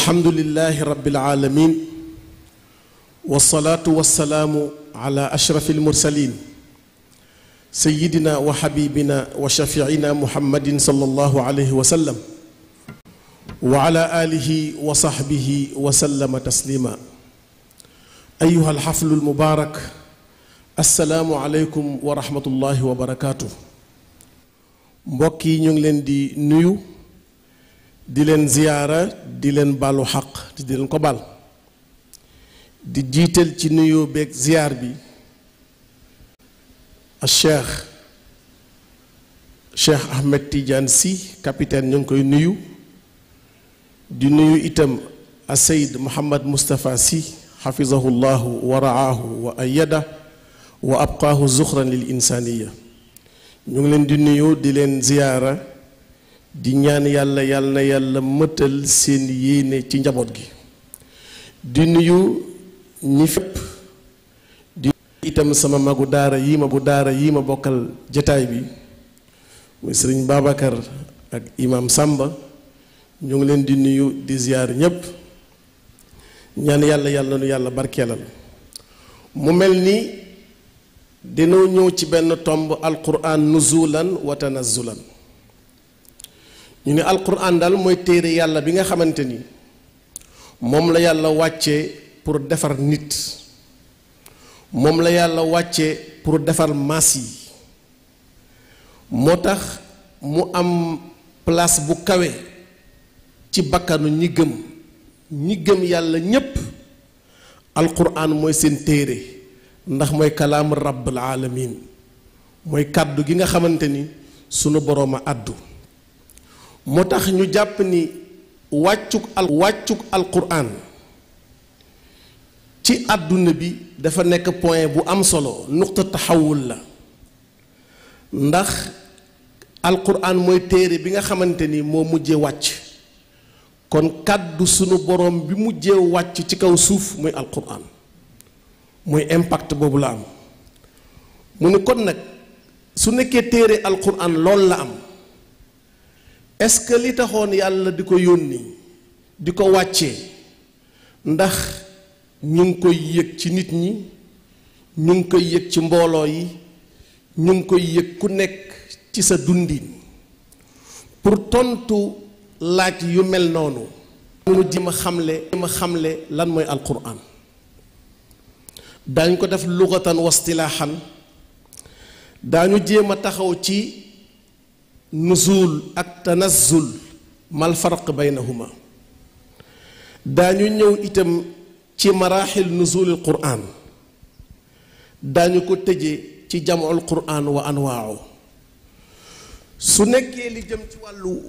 alhamdulilahi rabbil aalamiin wasalaatu wasalaamu ala ashrafil mursaliin sayyidina wa xabibina wa shafiicina muhammadin sallallahu alayhi wa sallam wa ala aalihi wa saxbihi wa sallama tasliima. ayuha alxaflul mubaarak asalaamu aleykum wa rahmatullahi wa barakaatu. mbokk yi ñu ngi leen di nuyu. di leen ziyaara di leen balu xaq di leen ko bal di jiital ci nuyoo beeg ziyaar bi a cheikh cheikh Ahmed Tidiane Sy capitaine ñu ngi koy nuyu di nuyu itam a sayid Mouhamad Moustapha Sy xafizahu llahu wa raahu wa abqaahu zuxran lil insaaniya ñu ngi leen di nuyu di leen ziyaara di ñaan yàlla yàlla yàlla mëtal seen yéene ci njaboot gi di nuyu ñi fépp di itam sama magu daara yi ma daara yi ma bokkal jataay bi muy sëriñ Babacar ak imam Sàmba ñu ngi leen di nuyu di ziyaar ñépp ñaan yàlla yàlla nu yàlla barkeelal mu mel ni dina ñëw ci benn tomb alquran nuzulan wa ñu ne alquran daal mooy téere yàlla bi nga xamante ni moom la yàlla wàcce pour defar nit moom la yàlla wàcce pour defar maas yi moo tax mu am place bu kawe ci bakkanu ñi gëm ñi gëm yàlla ñépp alquran mooy seen téere ndax mooy kalaamu rabbul alamin mooy kàddu gi nga xamante ni sunu borooma àddu moo tax ñu jàpp ni wàccug al wàccug alquran ci àdduna bi dafa nekk point bu am solo nuqta taxawul la ndax alquran mooy téere bi nga xamante ni moo mujjee wàcc kon kàddu sunu borom bi mujjee wàcc ci kaw suuf muy alquran muy impact boobu la am mu ne kon nag su nekkee téere alquran loolu la am est-ce que li taxoon yàlla di ko yónni di ko wàccee ndax ñu ngi koy yëg ci nit ñi ñu ngi koy yëg ci mbooloo yi ñu ngi koy yëg ku nekk ci sa dundin pour tontu laaj yu mel noonu mu ji ma xamle ma xamle lan mooy alquran daañu ko def lugatan wastilaaxan daañu jéem a taxaw ci nuzul ak tanazzul mal farq baynahuma dañu ñëw itam ci maraaxil nuzulil quraan daañu ko tëje ci jamul quraan wa anwaaw su nekkee li jëm ci wàllu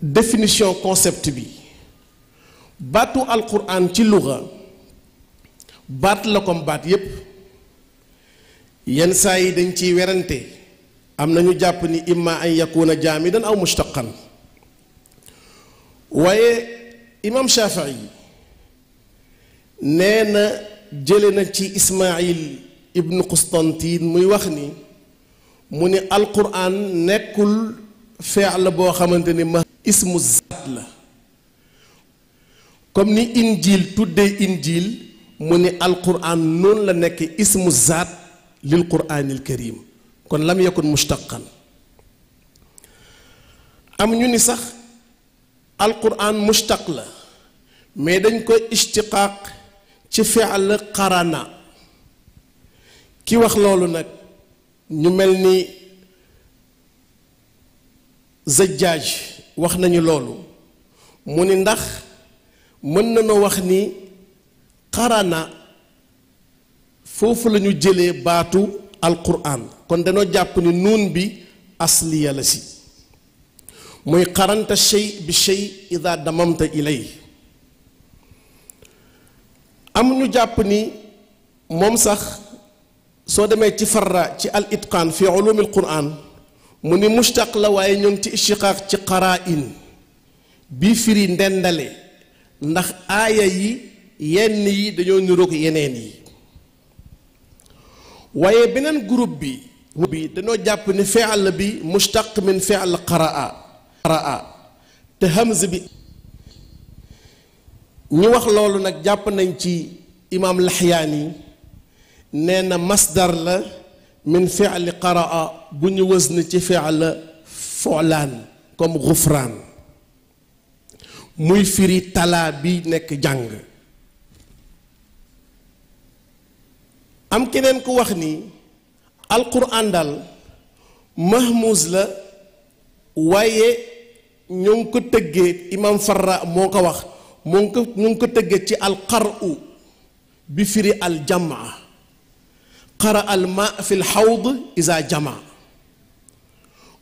définition concept bi baatu alquraan ci luga baat la comme baat yépp yenn saa yi dañ ciy werante am na ñu jàpp ni imma an yakuna jaamidan aw mustaqan waaye imaam Shafii nee na jële na ci Ismaayil ibnu Qustantin muy wax ni mu ni alquran nekkul feex la boo xamante ni ma ismu zaat la comme ni injil tuddee injil mu ni alquran noonu la nekk ismu zaat lil quraanil karim kon lam yakun mustaqan am ñu ni sax alquran mustaq la mais dañ koy istiqaaq ci fi'l qarana ki wax loolu nag ñu mel ni zajjaaj wax nañu loolu mu ni ndax mën nañoo wax ni qarana foofu lañu jëlee baatu alquran kon danoo jàpp ni nuun bi asliya la si muy xaranta shay bi shay ida damamta ilay am ñu jàpp ni moom sax soo demee ci farra ci al itqaan fi ulumi al quran mu ni mushtaq la waaye ñoom ci ishtiqaaq ci qaraain bii firi ndendale ndax aaya yi yenn yi dañoo niroog yeneen yi waaye beneen groupe bi bi dañoo jàpp ni fi'l bi mustaq min fi'l qaraa te hamz bi ñu wax loolu nag jàpp nañ ci imaam laxyaani nee na masdar la min fi'li qaraa bu ñu wës ni ci fi'l fulaan comme gufraan muy firi talaa bi nekk jàng am keneen ku wax ni alquran daal mahmouz la waaye ñoo ngi ko tëggee imam farra moo ko wax moo ngi ko ñoo tëggee ci alqaru bi firi aljamaa qara alma fi isa jamaa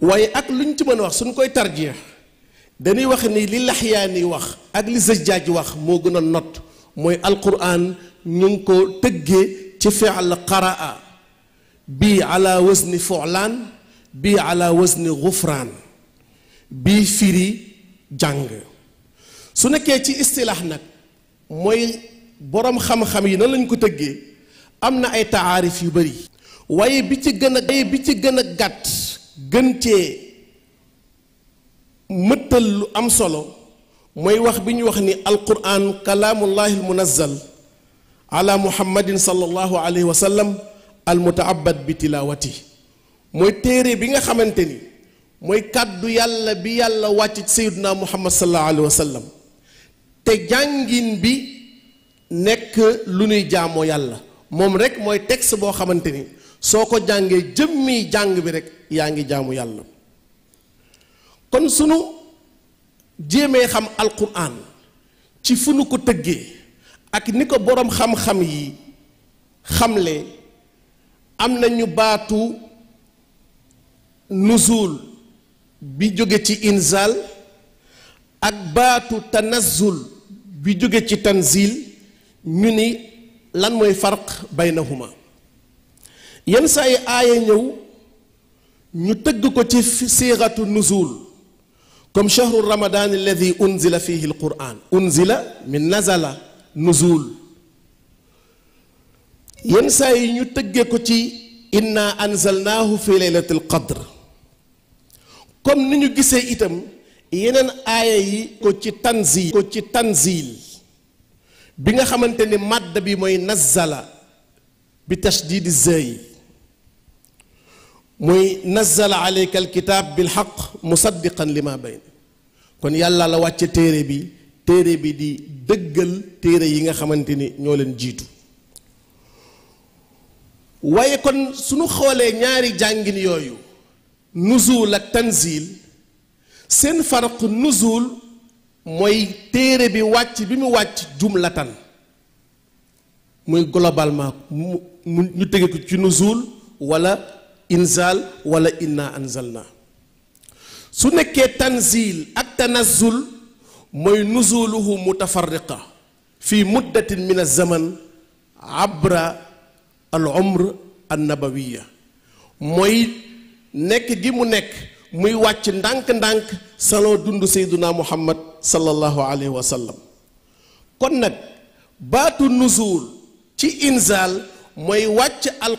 waaye ak lu ñu ci mën a wax suñ koy tarjeex dañuy wax ni li laxyaani wax ak li zëjjaaj wax moo gën a not mooy alquran ñu ngi ko tëggee ci fial qaraa bii ala wasni fulaan bii ala wasni gufraan bii firi jàng su nekkee ci istilaax nag mooy boroom xam-xam yi nan lañ ko tëggee am na ay taarif yu bari waaye bi ci gën a waaye bi ci gën a gàtt gën cee mëttal lu am solo mooy wax bi ñu wax ni alquran kalaamullahi almunazzal ala muhammadin sallallahu alayhi wa sallam almutaabad bi tilaawati mooy téere bi nga xamante ni mooy kàddu yàlla bi yàlla wàcc ci sayyiduna muhammad sallallahu alayhi wa sallam te jàngin bi nekk lu ñuy jaamoo yàlla moom rek mooy texte boo xamante ni soo ko jàngee jëmmi jàng bi rekk yaa ngi jaamu yàlla kon sunu jéemee xam alquran ci fu nu ko tëggee ak ni ko boroom xam-xam yi xamle am na ñu baatu nuzul bi jóge ci inzal ak baatu tanazul bi jóge ci tanzil ñu ni lan mooy farq baynahuma yenn saa yi aaya ñëw ñu tëgg ko ci siiratu nuzul comme chahru ramadan alladi unzila fihi alquran unzila min nazala nuzul yenn saa yi ñu tëggee ko ci inna anzalnaahu fi laylatil qadr comme ni ñu gisee itam yeneen aaya yi ko ci tanzil bi nga xamante ni màdd bi mooy nazzala bi tashdidi zey muy nazzala alayka alkitaab bi xaq mu li ma bayn kon yàlla la wàcce téere bi téere bi di dëggal téere yi nga xamante ni ñoo leen jiitu waaye kon suñu xoolee ñaari jàngin yooyu nuzul ak tanzil seen farq nuzul mooy téere bi wàcc bi mu wàcc jumlatan muy globalement mu ñu tege ko ci nuzul wala inzal wala inna anzalna su nekkee tanzil ak tanazzul mooy nuzuluhu mutafarriqa fi muddatin min az-zaman abra al umr an mooy nekk gi mu nekk muy wàcc ndànk-ndànk saloo dund sayduna muhammad sallallahu alayhi wa kon nag baatu nuzuul ci inzaal mooy wàcc al